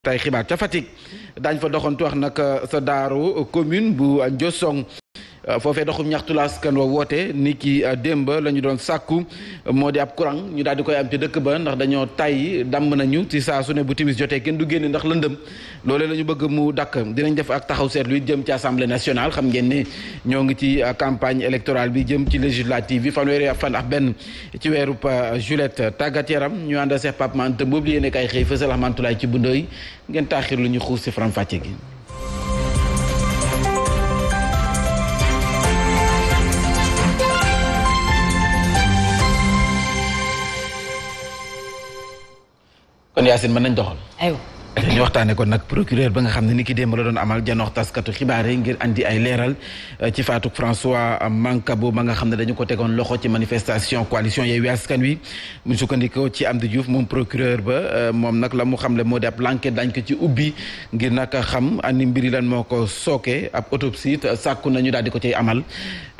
tey xibaar ca Fatick daañ fa doxantu wax nag euh, sa daaroo commune bu Ndiosong Euh, foofe doxum ñaxtu la askan woote nit ki euh, démb la ñu doon sàkku moo di ab courant ñu daal di koy am ci dëkk ba ndax dañoo tàyyi dàmm nañu ci saa su ne bu timis jotee kenn du génn ndax lëndëm loole la ñu bëgg mu dakk dinañ def ak taxaw seetlu it jëm ci assemblée nationale xam ngeen ni ñoo ngi ci euh, campagne électorale bi jëm ci législative bi fanweeri fan ak benn ci weerub juillet tàggat yaram ñu ànd a seex Pape Mante boobu li yéene kay xëy fësal Mantulaay ci bundooy ngeen taaxir lu ñu xuus si faram gi kon Yacine mën nañ doxal. aywa dañu waxtaanee kon nag procureur ba nga xam ne ni ki démb la doon amal janoox taskatu xibaar yi ngir andi ay leeral euh, ci faatuk François Mancabou ma nga xam ne dañu ko tegoon loxo ci manifestation coalition Yewwi Askan Wi mu sukkandikoo ci di juuf moom procureur ba euh, moom nag la mu xam le moo de ab l'enquête dañ ko ci ubbi ngir nag xam ani mbiri lan moo ko sooke ab autopsie it sàkku nañu daal di ko cay amal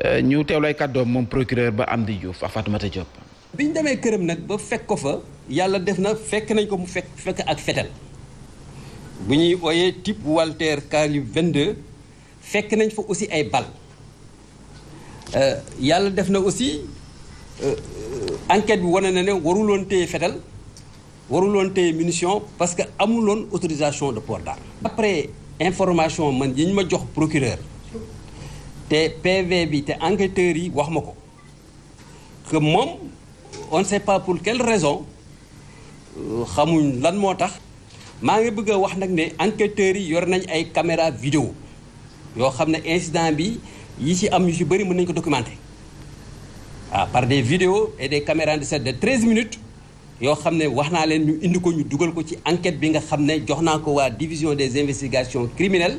euh, ñu teewlay kàddoom moom procureur ba Amdi Diouf ak Fatoumata Diop bi ñu demee këram nag ba fekk ko fa yàlla def na fekk nañ ko mu fekk fekk ak fetal bu ñuy ooyee tipp Walter Calibre 22 fekk nañ fa aussi ay bal euh, yàlla def na aussi euh, enquête bi wane na ne waruloon téye fetal waruloon téye munition parce que amuloon autorisation de port d'arme après information man yi ñu ma jox procureur te PV bi te enquêteurs yi wax ma ko que moom on ne sait pas pour quelle raison xamuñ lan moo tax maa ngi bëgg a wax nag ne enquêteurs yi yor nañ ay caméra vidéo yoo xam ne incident bi yi ci am yu ci bëri mën nañ ko documenter ah par des video et des caméras de set de 13 minutes yoo xam ne wax naa leen ñu indi ko ñu dugal ko ci enquête bi nga xam ne jox naa ko waa division des investigations criminelles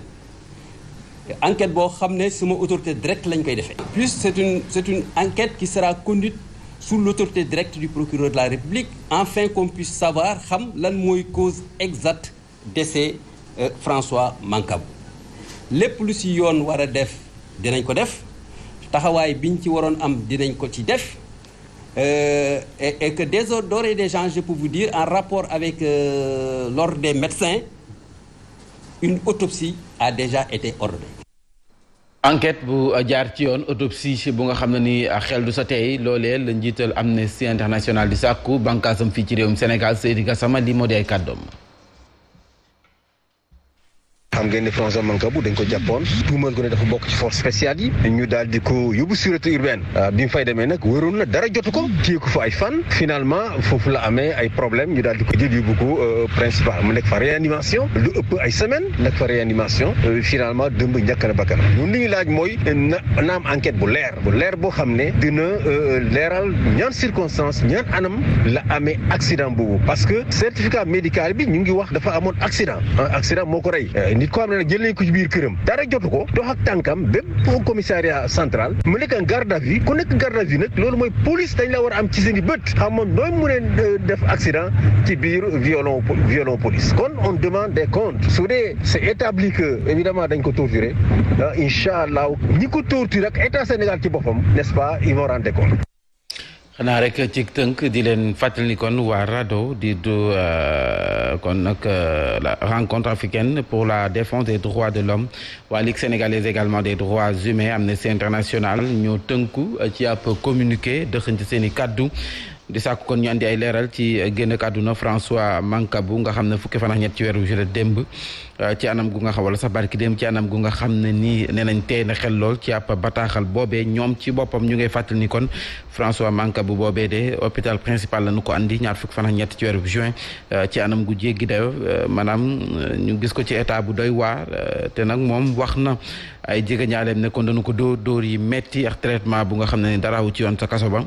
enquête boo xam ne suma autorité directe lañ koy defee. plus c'est une c'est une enquête qui sera conduite. sous l'autorité directe du procureur de la République afin qu'on puisse savoir xam lan mooy cause exacte décès euh, François Mancabou lépp lu si yoon war a def dinañ ko def taxawaay biñ ci waroon am dinañ ko ci def euh, et que dès d'ores et déjà je pour vous dire en rapport avec euh, l'ordre des médecins une autopsie a déjà été ordonnée enquête bu jaar ci yoon autopsie bu nga xam ne ni xel du sa tey loolee la njiital Amnesty International di sàkku bànqaasam fii ci réewum Sénégal Seydi Gassama li moo di kàddoom xam ngeen ne François Mancabou dañ ko jàppoon tuumal ko ne dafa bokk ci force spéciale yi ñu daal di ko yóbbu sûreté urbaine ah, bi mu fay demee nag wéroon na dara jotu ko téye ko fa ay fan finalement foofu la amee ay problème ñu daal di ko jël yóbbu ko euh, principal mu nekk fa réanimation lu ëpp ay semaine nekk fa réanimation euh, finalement dëmb ñàkk na bakkanam ñun li ñu laaj mooy na na am bu leer bu leer boo xam ne dina euh, leeral ñaan circonstance ñaan anam la amee accident boobu parce que certificat médical bi ñu ngi wax dafa amoon accident accident moo ko rey nit koo xam ne nag ko ci biir këram dara jotu ko dox ak tànkam bépp au commissariat central mu nekk en garde à vue ku nekk garde à vue nag loolu mooy police dañ la war am ci seen i bët xam moom nooy mu ne euh, def accident ci biir violon violon police kon on demande des comptes su dee c'est établi que évidemment dañ ko torturé ah, incha allah ñi ko torturé ak état Sénégal ci boppam n'est-ce pas ils vont rendre xanaa rek ci tënk di leen fàttali ni kon waa RADDHO di du euh, kon nag euh, la rencontre africaine pour la défense des droits de l'homme waa Ligue sénégalaise également des droits humains Amnesty International ñoo tënku ci ab communiqué dëxëñ ci seen i kàddu di sàkku kon ñu andi ay leeral ci génn kàdduna François Mancabou nga xam ne fukki fan ak ñett ci weeru juillet démb Euh, ci anam gu nga xam wala sax barki dem ci anam gu nga xam ne nii nee nañ tey na xel lool ci ab bataaxal boobee ñoom ci boppam ñu ngay fàttali ni kon François bu boobee de hôpital principal la nu ko andi ñaar fukk fan ak ñett ci weeru juin euh, ci anam gu jéggi dayo euh, maanaam ñu gis ko ci état bu doy waar te nag moom wax na ay jege ñaaleem ne kon dañu ko dóor dóor yi metti ak traitement bu nga xam ne ni daraawu ci yoon sa kaso ba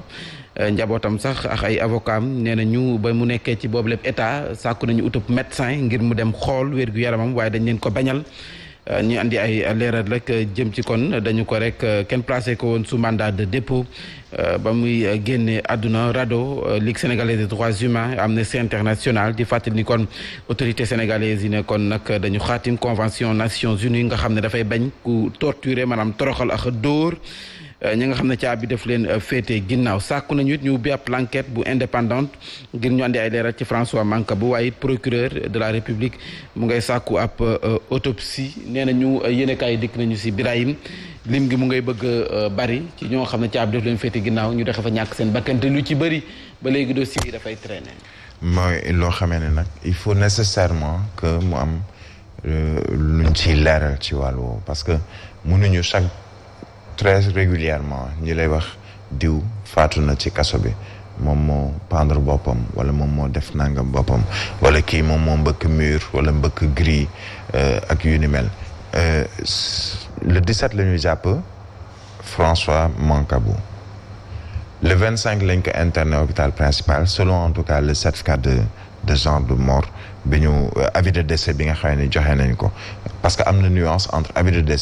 Euh, njabootam sax ak ay avocat am nee na ñu ba mu nekkee ci boobu lépp état sàkku nañu utub médecin ngir mu dem xool wér yaramam waaye dañu leen ko bañal euh, ñu andi ay leeral rek euh, jëm ci kon dañu ko rek kenn placé ko woon su mandat de dépôt ba muy génne àdduna RADDHO Ligue sénégalaise des droits humains Amnesty International di fàttali ni kon autorité sénégalaise yi ne kon nag dañu xaatim convention Nations Unies nga xam ne dafay bañ ku torturer maanaam toroxal ak dóor. ñi nga xam ne caabi def leen euh, féete ginnaaw sàkk nañu it ñu ubbi ab enquête bu indépendante ngir ñu andi ay leeral ci François bu waaye it procureur de la République mu ngay sàkku ab euh, autopsie nee na ñu euh, yéenekaay dikk nañu si Birahim lim gi mu ngay bëgg bari ñoo xam ne caabi daf leen ginnaaw ñu dexe fa ñàkk seen bakkante lu ci bëri ba léegi dossier yi dafay traîner. mooy loo xamee ne nag il faut nécessairement que mu am luñ ci leeral ci wàll woowu parce que mënuñu chaque. très régulièrement ñi lay wax diw faatu na ci kaso bi moom moo pendre boppam wala moom moo def nangam boppam wala kii moom moo mbëkk mur wala mbëkk gris euh, ak yu ni mel euh, le 17 la ñuy jàpp François bu le cinq lañ ko interné hôpital principal selon en tout cas le certificat de de genre de mort bi ñu euh, avis de décès bi nga xam ni joxe nañ ko parce que am na nuance entre avis de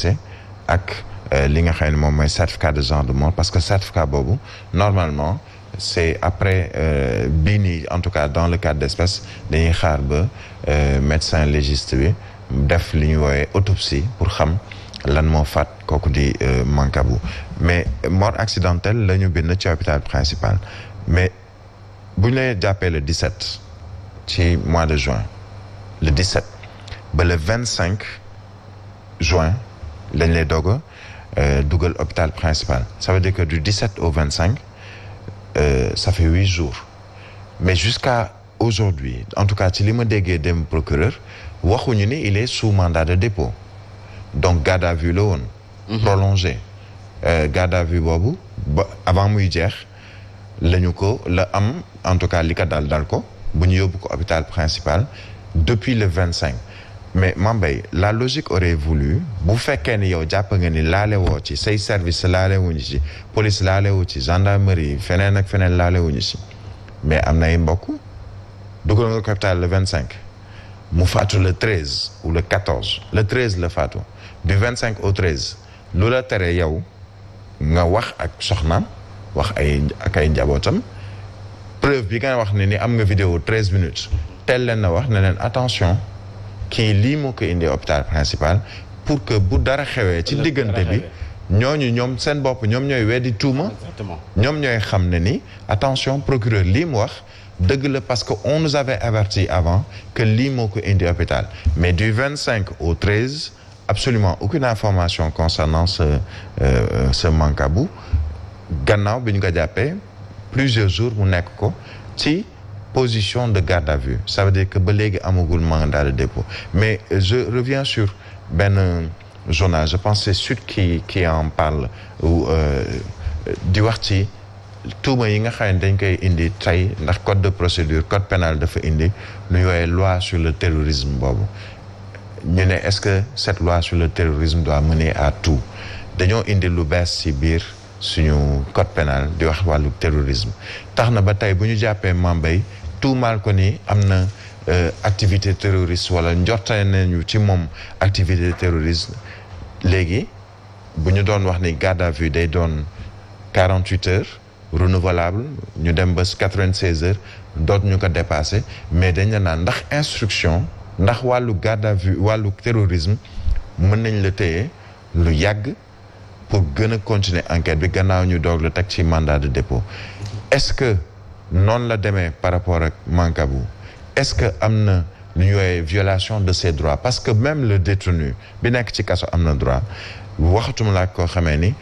ak. Euh, li nga xam ne moom mooy certificat de genre de mort parce que certificat boobu normalement c'est après euh, bii nii en tout cas dans le cadre d'espèce dañuy xaar ba euh, médecin légiste bi def li ñu woowee autopsie pour xam lan moo faat kooku di Mancabou mais mort accidentelle la ñu bind ci hôpital principal mais bu ñu lay jàppee le 17 ci mois de juin le 17 ba le 25 juin lañ lay doog Euh, dugal hôpital principal ça veut dire que du au 25 euh, ça fait huit jours mais jusqu'à aujourd'hui en tout cas ci li ma déggee dem procureur waxuñu ni il est sous mandat de dépôt donc garde à vue la woon mhm. prolongé euh, garde à vue boobu ba avant muy jeex la ko la am en tout cas li ko dal dal ko bu ñu yóbbu ko hôpital principal depuis le vingt cinq mais Mambay la logique aurait voulu bu fekkee ni yow jàpp nga ni laale woo ci say service laale wuñu ci police laale wu ci gendarmerie feneen ak feneen laale wuñu ci mais am na ay mbokk dugal nga capital le vingt cinq mu faatu le treize ou le quatorze le treize la faatu du vingt cinq au treize lu la tere yow nga wax ak soxnaam wax ay ak ay njabootam preuve bi nga wax ne ni am nga vidéo treize minutes tel leen na wax ne leen attention ki lii moo ko indi hôpital principal pour que bu dara xewee ci diggante bi ñooñu ñoom seen bopp ñoom ñooy weddi tuuma ñoom ñooy xam ne ni attention procureur lii mu wax dëgg la parce que on nous avait averti avant que lii moo ko indi hôpital mais du 25 au 13 absolument aucune information concernant ce euh, ce manque à gannaaw bi ñu ko jàppee plusieurs jours mu nekk ko ci position de garde à vue ça veut dire que ba léegi amagul mandat de dépôt mais je reviens sur benn journal je pense c'est Sud qui qui en parle ou euh, di wax ci tuuma yi nga xam ne dañ koy indi tey ndax code de procédure code pénal dafa indi lu ñu woowee loi sur le terrorisme boobu ñu ne est-ce que cette loi sur le terrorisme doit mener à tu dañoo indi lu bees si biir suñu code pénal di wax wàllu terrorisme tax na ba tey bu ñu jàppee Mambay tuumaal ko ni am na euh, activité terroriste wala njortale nañu ci moom activité terroriste léegi bu ñu doon wax ni garde à vue day doon quarante huit heures renouvelable ñu dem ba quatre vingt seize heures doot ñu ko dépassé mais dañ la naan ndax instruction ndax wàllu garde à vue wàllu terrorisme mën nañ la téye lu yàgg pour gën a continuer enquête bi gannaaw ñu doog la teg ci mandat de dépôt noonu la demee par rapport ak bu est-ce que am na lu ñu woowee violation de ses droits parce que même le détenu bi nekk ci kaso am na droit waxatuma laa koo xamee ni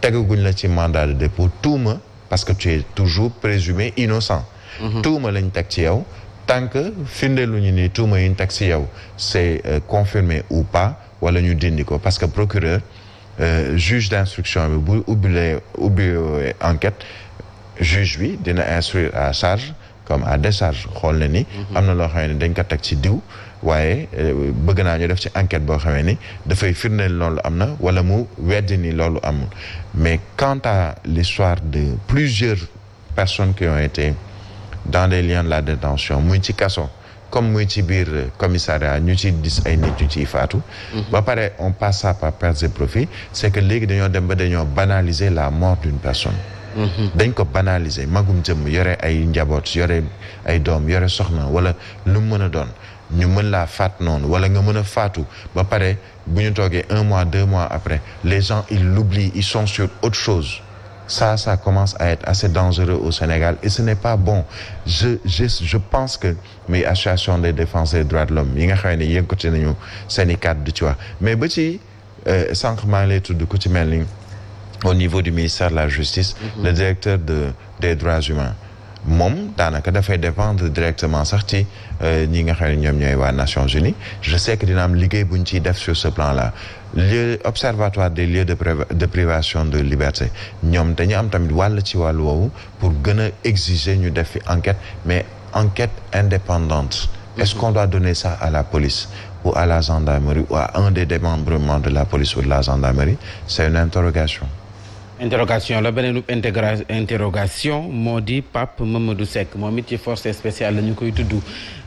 tegaguñ la ci mandat de dépôt ma parce que tu es toujours présumé innocent mhm. tuuma lañ teg ci yow tant que lu ñu ni tuuma yi ñu teg ci yow c'est euh, confirmé ou pas wala ñu dindi ko parce que procureur euh, juge d'instruction bi bu ubbilee ubbi euh, enquête juge bi dina instruire à charge comme à décharge xool na ni. am na loo xamee ni dañ ko teg ci diw. waaye euh, bëgg naa ñu def ci enquête boo xamee ni dafay firnde loolu am na wala mu weddi ni loolu amul mais quant à l'histoire de plusieurs personnes qui ont été dans les liens la détention muy ci kaso comme muy ci biir commissariat ñu ci gis ay nit ñu ciy faatu mhm. ba pare on passe ça par perte de profit c'est que léegi dañoo dem ba dañoo banaliser la mort d'une personne dañ ko banaliser magum jëm yore ay njaboot yore ay doom yore soxna wala lu mu mën a doon ñu mën laa faat noonu wala nga mën a faatu ba pare bu ñu toogee un mois deux mois après les gens ils l'oublient ils sont sur autre chose ça ça commence à être assez dangereux au Sénégal et ce n'est pas bon je je je pense que mais association des défenseurs des droits de l'homme yi nga xam ne yëkkati nañu seen i kàddu ci wa mais ba ci euh, sànq maa ngi lay tudd ku ci mel ni au niveau du ministère de la justice mm -hmm. le directeur de des droits humains moom daanaka dafay dépendre directement sax ci euh, ñi nga xam ne ñoom ñooy waa Nations Unies je sais que dina am liggéey bu ñu ciy def sur ce plan là lieu observatoire des lieux de de privation de liberté ñoom dañu am tamit walla ci wàllu woowu pour gën a exiger ñu def fi enquête mais enquête indépendante mhm. est-ce qu'on doit donner ça à la police ou à la gendarmerie ou à un des démembrements de la police ou de la gendarmerie c'est une interrogation la beneen intégra interrogation moo di Pape du sekk moom it ci force spéciale la ñu koy tudd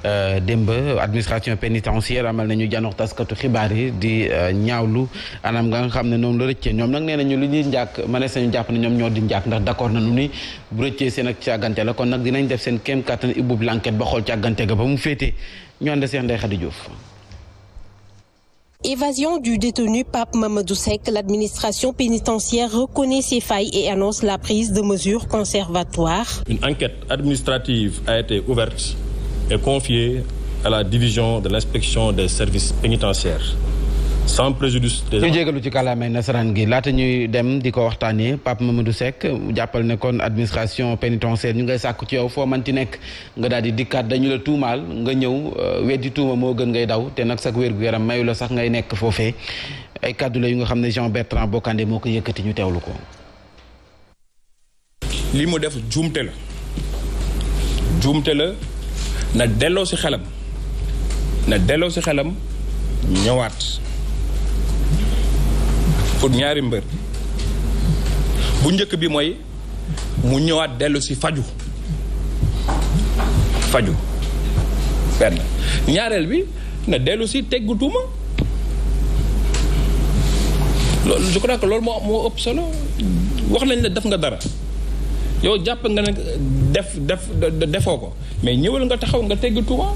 euh, démb administration pénitentiaire amal nañu janox taskatu xibaar yi di euh, ñaaw lu anam nga nga xam ne noom la rëccee ñoom nag nee ñu li ñuy njàkk mënees nañu jàpp ne ñoom ñoo di njàkk ndax d'accord nañu ni bu rëccee seen ak càggante la kon nag dinañ def seen kéem kattan ibbub l'enquête ba xool càggante ga ba mu féete ñu ànd seen Ndeye Khady Diouf Évasion du détenu Pape Mamadou Sek, l'administration pénitentiaire reconnaît ses failles et annonce la prise de mesures conservatoires. Une enquête administrative a été ouverte et confiée à la division de l'inspection des services pénitentiaires. sans préjudice des ñu ci kàllaamay nasaraan gi laata ñuy dem di ko waxtaanee Pape Mamadou Seck jàppal ne kon administration pénitentiaire ñu ngay sàkku ci yow foo ti nekk nga daal di dikkaat dañu la tuumaal nga ñëw euh, weddi tuuma moo gën ngay daw te nag sax wér-gu-yaram mayu la sax ngay nekk foofee ay kàddu la yu nga xam ne Jean Bertrand Bocandé moo ko yëkkati ñu teewlu ko. li mu def juumte la juumte la na delloo si xelam na delloo si xelam ñëwaat. pour ñaari mbër bu njëkk bi mooy mu ñëwaat dellu si faju faju benn ñaareel bi na dellu si teggu tuuma loolu je crois que loolu moo ëpp solo wax nañ la def nga dara yow jàpp nga ne def def defoo ko mais ñëwal nga taxaw nga teggu tuuma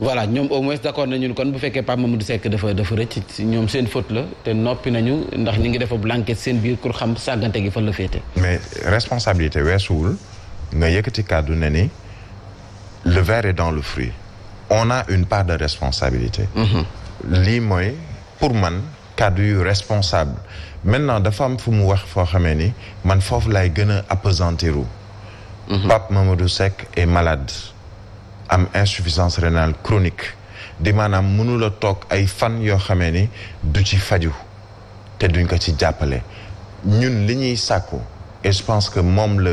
voilà ñoom au moins d' accord nañu kon bu fekkee Pape Mamadou Seck dafa dafa rëcc ñoom seen faute la te noppi nañu ndax ñu ngi defa blanquette seen biir pour xam sàggante gi fa la féete. mais responsabilité weesuwul nga yëkkati kàddu ne ni le verre est le fruit on a une part de responsabilité. Mhm. lii mooy pour man kàddu yu responsable maintenant dafa am fu mu wax foo xamee ni man foofu laay gën a appesantiru. Mhm. Pape Mamadou Seck est malade. am insuffisance rénale chronique di maanaam mënula toog ay fan yoo xamee ni du ci faju te duñ ko ci jàppale ñun li ñuy sàkku et je pense que moom la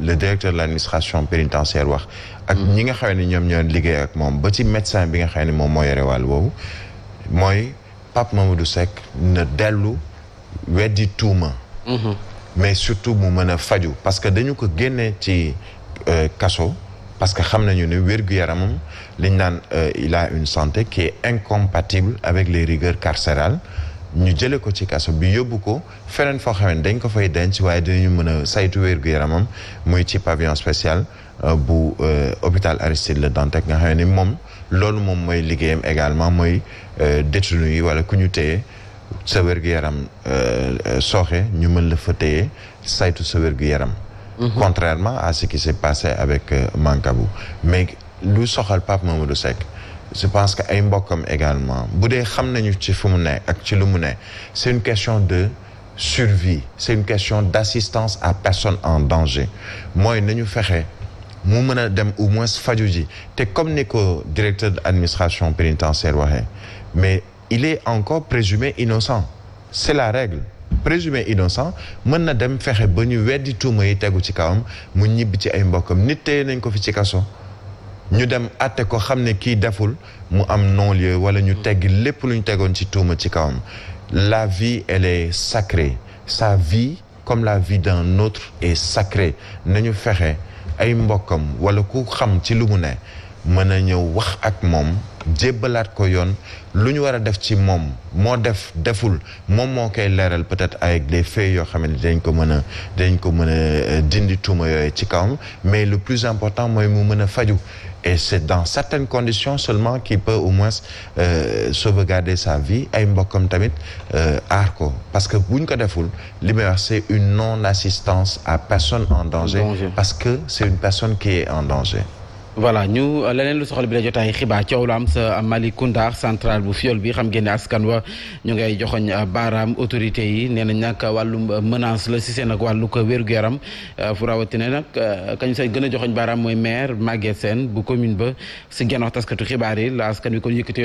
le directeur de l'administration pénitentiaire wax ak mm-hmm. ñi nga xam ni ñoom ñoo liggéey ak moom ba ci médecin bi nga xam ne moom moo yore wàll woowu mooy Pape du Seck na dellu weddi tuuma mm-hmm. mais surtout mu mën a faju parce que dañu ko génne ci euh, kaso parce que xam nañu ne wér-gu-yaramam liñ naan euh, il a une santé qui est incompatible avec les rigueurs carcérales ñu jële ko ci kaso bi yóbbu ko feneen foo xam ne dañ ko fay denc waaye dinañu mën a saytu wér-gu-yaramam muy ci pavillon spécial euh, bu euh, hôpital Aristide Le Dantec nga xam ne moom loolu moom mooy liggéeyam également mooy détenu yi wala ku ñu téye sa wér-gu-yaram sooxee ñu mën la fa téye saytu sa wér yaram Mhm. contrairement à ce qui s'est passé avec euh, Mankabou mais lu soxal Pape Mamadou Seck je pense que ay mbokkam également bu dee xam nañu ci fu mu ne ak ci lu mu ne c'est une question de survie c'est une question d'assistance à personne en danger mooy nañu fexe mu mën a dem au moins faju ji te comme ni ko directeur de administration pénitentiaire waxee mais il est encore présumé innocent c'est la règle présumé innocent mën na dem fexe ba ñu weddi tuuma yi tegu ci kawam mu ñibbi ci ay mbokkam nit tey nañ ko fi ci kaso ñu dem àtte ko xam ne kii deful mu am non-lieu wala ñu teggi lépp lu ñu tegoon ci tuuma ci kawam la vie elle est sacré sa vie comme la vie d'un autre est sacrée nañu fexe ay mbokkam wala ku xam ci lu mu ne mën a ñëw wax ak moom jébbalaat ko yoon lu ñu war a def ci moom moo def deful moom moo koy leeral peut-être avec des faits yoo xam ne dañ ko mën a dañ ko mën a euh, dindi tuuma yooyu ci kawam mais le plus important mooy mu mën a faju et c'est dans certaines conditions seulement qu'il peut au moins euh, sauvegarder sa vie ay mbokkam tamit euh, aar ko parce que bu ñu ko deful li may wax c'est une non assistance à personne en danger, en danger. parce que c'est une personne qui est en danger voilà ñu leneen lu soxla bi la jotaay xibaar coow lu am sa Malicounda centrale bu fiol bi xam ngeen ne askan wa ñu ngay joxoñ baaraam autorité yi nee nañ nag wàllum menace la si seen ak wér yaram fu rawatina nag kañ sa gën a joxoñ baaraam mooy maire Maguette Sène bu commune ba si genn taskatu xibaar yi la askan wi kon yëkkati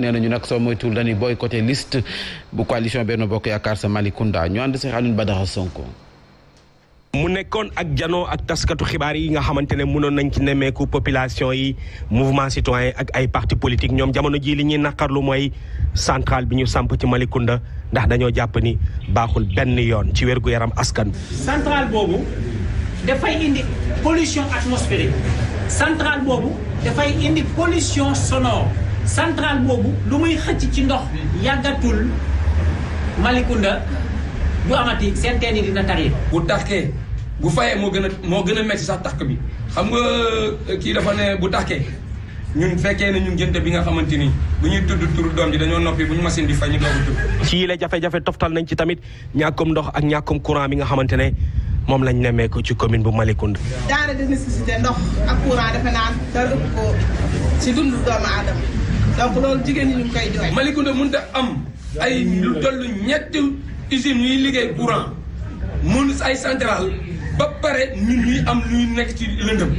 nee nañu nag soo moytuwul booy boycotté list bu coalition Benno Bokk Yaakaar sa Malicounda ñu ànd si Alioune Badara Sonko mu nekkoon ak janoo ak taskatu xibaar yi nga xamante ne mënoon nañ ci nemmeeku population yi mouvement citoyen ak ay parti politique ñoom jamono ji li ñuy naqarlu mooy centrale bi ñu samp ci Malicounda ndax dañoo jàpp ni baaxul benn yoon ci wérgu yaram askan centrale boobu dafay indi pollution atmosphérique centrale boobu dafay indi pollution sonore centrale boobu lu muy xëcc ci ndox yàggatul Malicounda bu amati seen teen yi dina tari. bu taxkee moo gën a moo gën a metti sax tax bi xam nga euh, kii dafa ne bu taxkee ñun fekkee ne ñu ngénte bi nga xamante ni bu ñuy tudd turu doom ji dañoo noppi bu ñu machine di fay ñu doog a tudd. ci la jafe-jafe nañ ci tamit ñàkkum ndox ak ñàkkum courant bi nga xamante ne moom lañ nemmeeku ci commune bu Malicounda. daara de nécessité ndox ak courant defe naan dara ëpp ko ci dundu doomu aadama donc loolu jigéen ñi ñu koy jooy. Malicounda mënut a am ay lu toll ñetti. usine ñuy liggéey courant mun ay centrale ba pare ñun ñuy am ñuy nekk ci lëndëm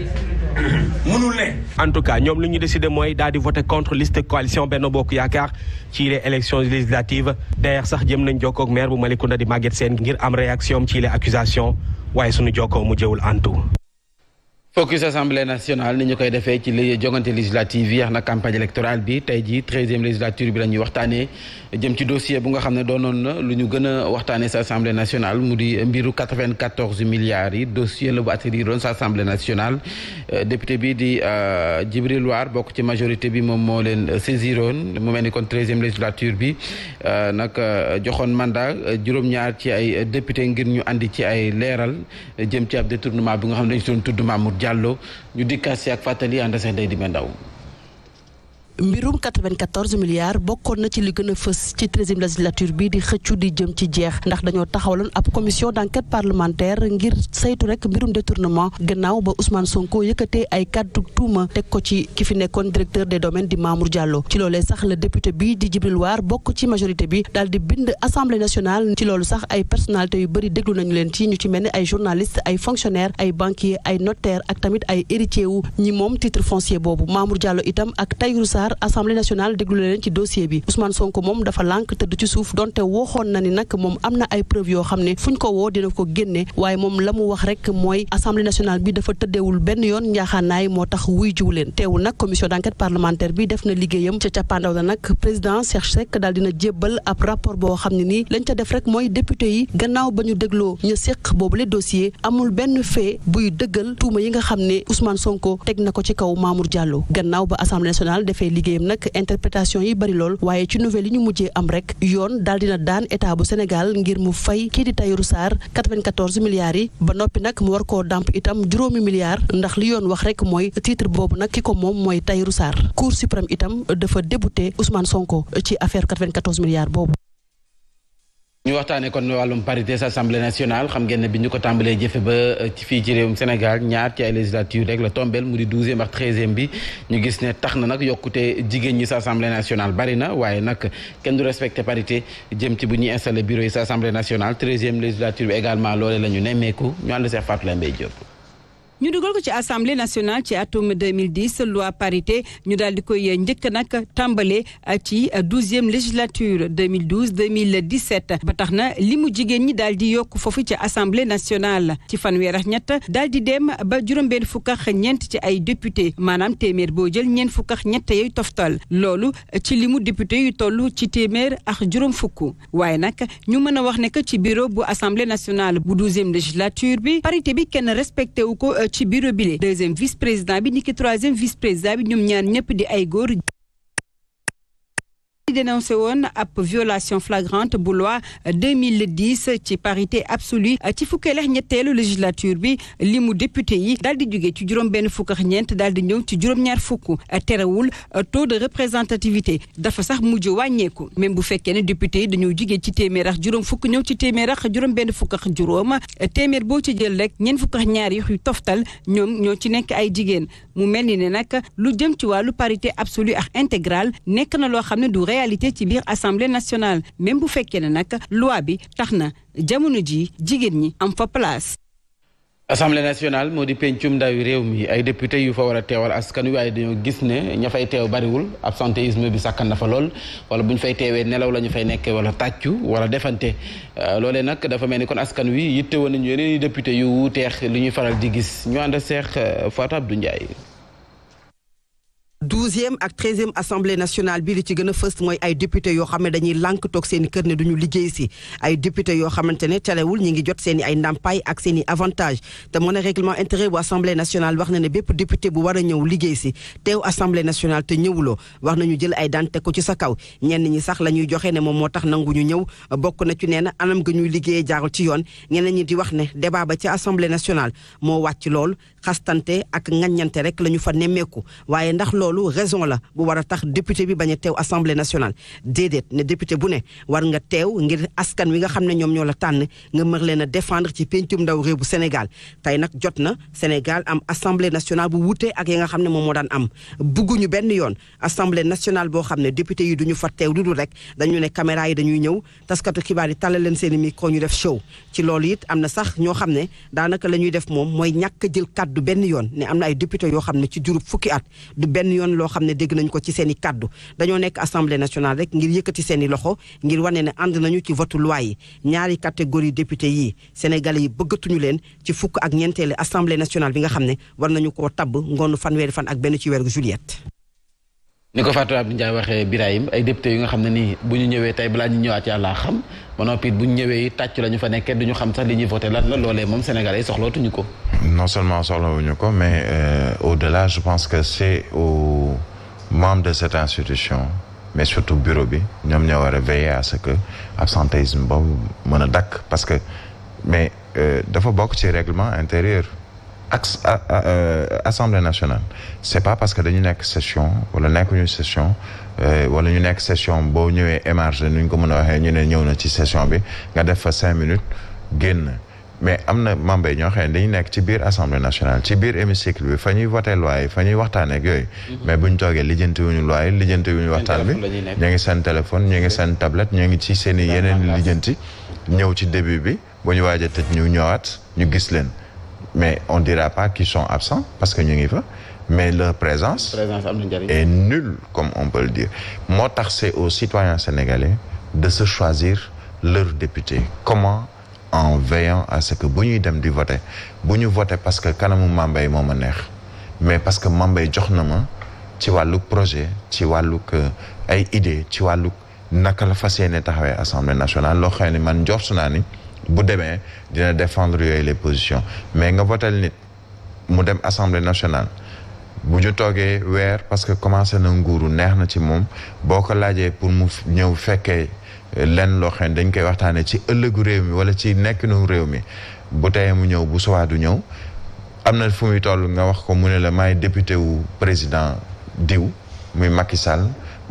mënul ne. en tout cas ñoom li ñu décidé mooy daal di voté contre liste coalition benn Bokk Yaakaar ci les élections législatives d'ailleurs sax jëm nañ jokkoo ak maire bu na di Maguette seen ngir am réaction ci les accusations waaye suñu jokkoo mu jëwul antu focus assemblée nationale ni ñu koy defee ci li jongante législative yi na campagne électorale bi tey jii treizième législature bi la ñuy waxtaanee jëm ci dossier bu nga xam ne doonoon na lu ñu gën a waxtaanee sa assemblée nationale mu di mbiru 94 milliards yi dossier la bu atterrir doon sa assemblée nationale euh, député bi di euh, Djibril War bokk ci majorité bi moom moo leen saisiroon moo mel ni kon treizième législature bi euh, nag joxoon mandat juróom-ñaar ci ay député ngir ñu andi ci ay leeral jëm ci ab détournement bi nga xam ne dañu doon tudd Mamour Diallo ñu dikkaat si ak fàttali ànd sax day di me ndaw mbirum 94 milliards bokkoon na ci li gën a fës ci treizième législature bi di xëccu di jëm ci jeex ndax dañoo taxawaloon ab commission d'enquête parlementaire ngir saytu rek mbirum détournement gannaaw ba Ousmane Sonko yëkkate ay kàddu tuuma teg ko ci ki fi nekkoon directeur de domaines di Mamour Diallo ci loolee sax la député bi di Djibril War bokk ci majorité bi daal di bind assemblée nationale ci loolu sax ay personnalités yu bëri déglu nañu leen ci ñu ci mel ni ay journalistes ay fonctionnaires ay banquiers ay notaires ak tamit ay héritiers wu ñi moom titre foncier boobu Mamour Diallo itam ak Tahirou Sarr Sarr assemblée nationale déglu leen ci dossier bi Ousmane Sonko moom dafa lànk tëdd ci suuf donte waxoon na ni nag moom am na ay preuve yoo xam ne fuñ ko woo dina ko génne waaye moom la mu wax rek mooy assemblée nationale bi dafa tëddeewul benn yoon njaaxaanaay moo tax wuy jiw leen teewul nag commission d'enquête parlementaire bi def na liggéeyam ca cappaandaw la nag président Cheikh Seck daal dina jébbal ab rapport boo xam ne nii lañ ca def rek mooy député yi gannaaw ba ñu dégloo ñu séq boobule dossier amul benn fee buy dëggal tuuma yi nga xam ne Ousmane Sonko teg na ko ci kaw Mamour Diallo gannaaw ba liggéeyam nag interprétation yi bari lool waaye ci nouvelle yi ñu mujjee am rek yoon daal na daan état bu Sénégal ngir mu fay kii di Tahirou Sarr 94 milliards yi ba noppi nag mu war koo damp itam juróomi milliards ndax li yoon wax rek mooy titre boobu nag ki ko moom mooy Tahirou Sarr Cour suprême itam dafa débouté Ousmane Sonko ci affaire 94 milliards boobu. ñu waxtaanee kon wàllum parité sa assemblée nationale xam ngeen bi ñu ko tàmbalee jëfe ba euh, ci fii ci réewum Sénégal ñaar ci ay législature rek la tombeel mu di douzième ak bi ñu gis ne tax na nag yokkute jigéen ñi sa assemblée nationale bari na waaye nag kenn du respecté parité jëm ci bu ñuy installé bureau yi sa assemblée nationale treizième législature bi également loole la ñu nemmeeku ñu ànd see Fatou Lambe Diop ñu dugal ko ci assemblée nationale ci atum 2010 loi parité ñu daal di koy njëkk nag tàmbale euh, ci euh, douzième législature 2012 2017 ba tax na li mu jigéen ñi daal di yokk foofu ci assemblée national ci fanweer ak ñett daal di dem ba juróom-benn fukk ak ñeent ci ay député maanaam téeméer boo jël ñeent fukk ak ñett yooyu toftal loolu ci limu député yu toll ci téeméer ak juróom fukk waaye nag ñu mën a wax ne que ci bureau bu assemblée national bu douzième législature bi parité bi kenn respecté wu ko euh, ci bureau bi le deuxième vice président bi niki troisième vice président bi ñoom ñaar ñëpp di ay góor ci dénoncé woon ab violation flagrante bu loi 2010 ci parité absolue ci fukkeel ak ñetteelu législature bi li mu député yi daal di jóge ci juróom benn fukk ak ñeent daal di ñëw ci juróom-ñaar fukk terewul taux de représentativité dafa sax mujj wàññeeku même bu fekkee ne député yi dañoo jóge ci téeméer ak juróom fukk ñëw ci téeméer ak juróom benn fukk ak juróom téeméer boo ci jël rek ñeent fukk ak ñaar yu toftal ñoom ñoo ci nekk ay jigéen mu mel ni ne nag lu jëm ci wàllu parité absolue ak intégrale nekk na loo xam réalité ci biir assemblée nationale même bu fekkee ne nag loi bi tax na jamono ji jigéen ñi am fa place. assemblée nationale moo di ndaw ndawi réew mi ay député yu fa war a teewal askan wi waaye dañoo gis ne ña fay teew bariwul absentéisme bi sàkkan na fa lool wala bu ñu fay teewee nelaw la ñu fay nekkee wala tàccu wala defante euh, loolee nag dafa mel ni kon askan wi yitte woon nañu yeneen i député yu wuuteex li ñuy faral di gis ñu ànd seex euh, Fatou Abdou Ndiaye douzième ak treizième assemblée nationale bi li ci gën a fës mooy ay député yoo xam ne dañuy lànk toog seen kër ne duñu liggéey si ay député yoo xamante ne telewul ñi ngi jot seen i ay ndàmpaay ak seen avantage te moo ne réglement intérieur bu assemblée nationale wax na ne bépp député bu war a liggéey si teew assemblée nationale te ñëwuloo wax nañu jël ay daan teg ko ci sa kaw ñenn ñi sax la ñuy joxe ne moom moo tax nangu ñu ñëw bokk na ci nee na anam ga ñuy liggéeyee jaarul ci yoon ñeneen ñi di wax ne débat ba ci assemblée nationale moo wàcc lool xastante ak ngaññante rek la ñu fa nemmeeku waaye ndax loolu raison la bu war a tax député bi bañ a teew assemblée national déedéet ne député bu ne war nga teew ngir askan wi nga xam ne ñoom ñoo la tànn nga mën leen a défendre ci pencum ndaw réew bu Sénégal tey nag jot na Sénégal am assemblée nationale bu wute ak yi nga xam ne moom moo daan am bugguñu benn yoon assemblée national boo xam ne député yi du ñu fa teew lu dul rek dañu ne caméra yi dañuy ñëw taskatu xibaar yi tàllal leen seen i micro ñu def show ci loolu it am na sax ñoo xam ne daanaka la ñuy def moom mooy ñàkk jël du benn yoon ne am na ay député yoo xam ne ci jurub fukki at du benn yoon loo xam ne dégg nañ ko ci seen i kàddu dañoo nekk assemblée nationale rek ngir yëkkati seeni loxo ngir wane ne ànd nañu ci votu loi yi ñaari catégorie député yii sénégalais yi bëggatuñu leen ci fukk ak ñeenteelu assemblée nationale bi nga xam ne war nañu ko tabb ngoon fanweeri fan ak benn ci weeru juillet ni ko Fatou Abdou Ndiaye waxee Birahim ay député yu nga xam ne nii bu ñu ñëwee tey balaa ñu ñëwaat yàlla xam ba noppi it bu ñu ñëwee tàcc la ñu fa nekkee du ñu xam sax li ñuy voté lan la loolee moom Sénégalais yi soxlootuñu ko. non seulement soxlawuñu ko mais euh, au-delà je pense que c'est au membres de cette institution mais surtout bureau bi ñoom ñoo war a veiller à ce que absentéisme boobu mën a dakk parce que mais euh, dafa bokk ci règlement intérieur. as assemblée nationale c'est pas parce que dañu nekk session wala nekkuñu session euh, wala ñu nekk session boo ñëwee émargé nu ñu ko mën a waxee ñu ne ñëw na ci session bi nga def fa cinq minutes génn mais am na membre yi ñoo xam ne dañu nekk ci biir assemblée nationale ci biir hémicycle bi fa ñuy voté loi yi fa ñuy waxtaanee ak yooyu. Mm-hmm. mais bu ñu toogee lijjanti wuñu loi yi lijjanti wuñu waxtaan bi ñu ngi seen téléphone ñu ngi seen tablette ñu ngi ci seen i yeneen lijjanti. ñëw ci début bi bu ñu waaj a tëj ñu ñëwaat ñu gis leen. mais on dira pas qu'ils sont absents parce que ñu ngi fa mais leur présence est nulle comme on peut le dire moo tax c'est aux citoyens sénégalais de se choisir leur député comment en veillant à ce que bu ñuy dem di voter bu ñu voter parce que kanamu Mambay moo ma neex mais parce que Mambay jox na ma ci wàlluk projet ci wàlluk ay idée ci wàlluk naka la fas yéene taxawee assemblée nationale loo xam ne man njortu naa ni bu demee dina défendre yooyu les positions mais nga votel nit mu dem assemblée nationale bu ñu toogee weer parce que commencé na nguuru neex na ci moom boo ko laajee pour mu ñëw fekkee lenn loo dañ koy waxtaanee ci ëllëgu réew mi wala ci nekkinu réew mi bu teyee mu ñëw bu suwaa du ñëw am na fu muy toll nga wax ko mu ne la may député wu président diw muy Macky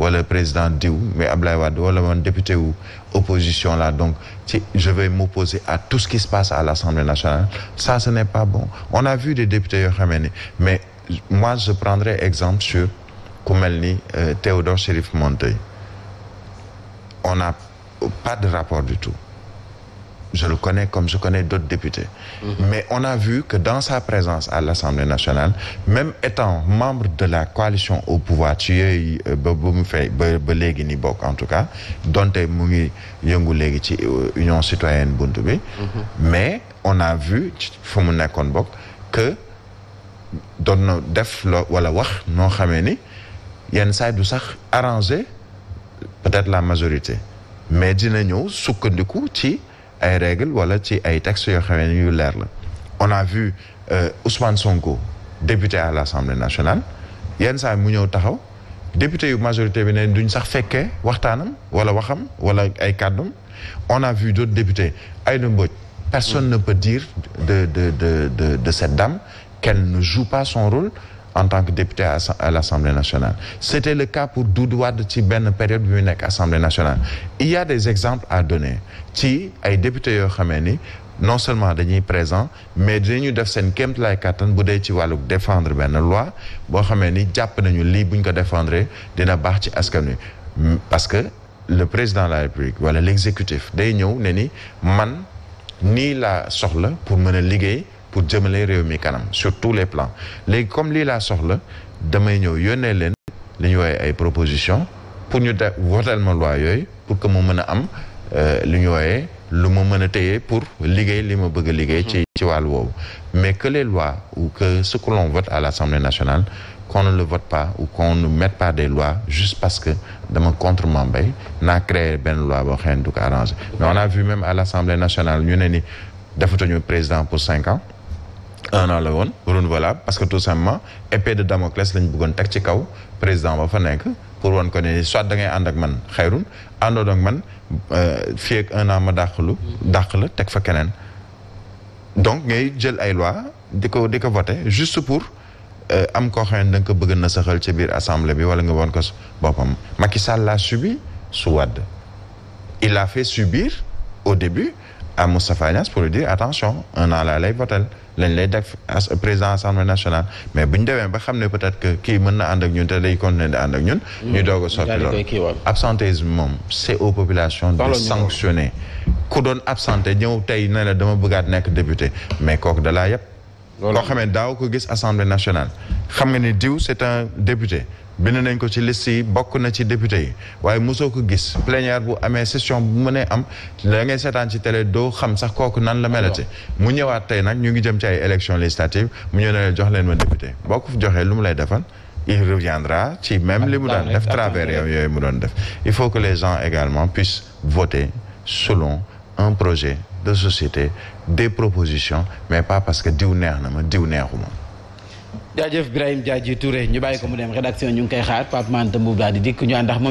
wala président diw mais Ablaye Wade wala man député wu opposition là donc ci je vais m'opposer à tout ce qui se passe à l'Assemblée nationale ça ce n'est pas bon on a vu des députés yoo xamee ni mais moi je prendrai exemple sur ku mel ni euh, Théodore Chérif Monteil on n'a pas de rapport du tout je le connais comme je connais d'autres députés. Mmh. Mais on a vu que dans sa présence à l'Assemblée nationale, même étant membre de la coalition au pouvoir, ci yooyu euh, ba mu fay ba ba léegi ni bokk en tout cas donte mu ngi yëngu léegi ci euh, Union citoyenne Bunt bi. Mhm. mais on a vu fu mu nekkoon bokk que doon na def wala wax noo xamee ni yenn saay du sax arrangé peut-être la majorité mais dina ñëw sukkandiku ci. ay régle wala ci ay text yoo xam ne yu leer la on a vu euh, Ousmane Sonko député à l'Assemblée nationale yenn saa mu ñëw taxaw député yu majorité bi ne duñ sax fekkee waxtaanam wala waxam wala ay kàddum on a vu d'autres députés Aïda Mbodj personne ne peut dire de de de de de cette dame qu'elle ne joue pas son rôle en tant que député à, à l'Assemblée nationale c'était le cas pour Doudou Wade ci benn période bi mu nekk Assemblée nationale il y a des exemples à donner ci ay députés yoo xamee ni non seulement dañuy présent mais dinañu def seen kémt lay kàttan bu dee ci wàllu défendre benn loi boo xamee ni jàpp nañu lii buñ ko défendre dina baax ci askan wi parce que le président de la république wala l'exécutif day ñëw ne ni man nii la soxla pour mën a liggéey pour jëmale réew mi kanam surtout tous les plans léegi comme lii laa soxla damay ñëw yónnee leen li ñu wooyee ay proposition pour ñu de votel ma loi yooyu pour que mu mën a am euh, li ñu wooyee lu ma mën a téye pour liggéey li ma bëgg liggéey ci ci wàllu woowu mais que les lois ou que ce que l'on vote à l'Assemblée nationale qu'on ne le vote pas ou qu'on ne mette pas des lois juste parce que dama contre mbay naa créé benn loi boo xam ne du ko arrangé mais on a vu même à l'Assemblée nationale ñu ne ni defatuñu président pour cinq un an la woon renouvelable parce que tout simplement épée de Damoclès lañ bëggoon teg ci kaw président ba fa nekk pour wan ko ne soit da ngay ànd ak man xayrun àndoon ak man euh, fii ak un an ma dàqalu dàq la teg fa keneen donc ngay jël ay loi di ko di ko voté juste pour euh, am koo xam ne da ko bëgg na saxal ci biir assemblée bi wala nga woon ko boppam Macky Sall l'a subi su Wade il a fait subir au début à Moustapha Niass pour lui dire attention un an laa lay votel lañ lay def président assemblée nationale mais bu ñu demee ba xam ne peut-être que kii mën na ànd ak ñun te day continuer di ànd ak ñun. ñu hmm. doog a loolu absentéisme moom c'est aux de sanctionner ku doon absenté ñëw tey ne la dama bëggaat nekk député mais kooku da laa koo xamee daaw ko gis assemblée nationale xam nga ni diw c'est un député bind nañ ko ci liste yi bokk na ci député yi waaye mosoo ko gis plénière bu amee session bu mënee am la ngay seetaan ci télé doo xam sax kooku nan la melate mu ñëwaat tey nag ñu ngi jëm ci ay élection législative mu ñëw ne jox leen ma député bokk joxee lu mu lay defal il reviendra ci même li mu daan def travers yooyu mu doon def il faut que les gens également puissent voter selon un projet de société des proposition mais pas parce que diw neex na ma diw neexuma jaajëf Birahim Diadji Touré ñu bàyyi ko mu dem rédaction ñu ngi koy xaar Pape Man Demba daal di dikk ñu àndax moom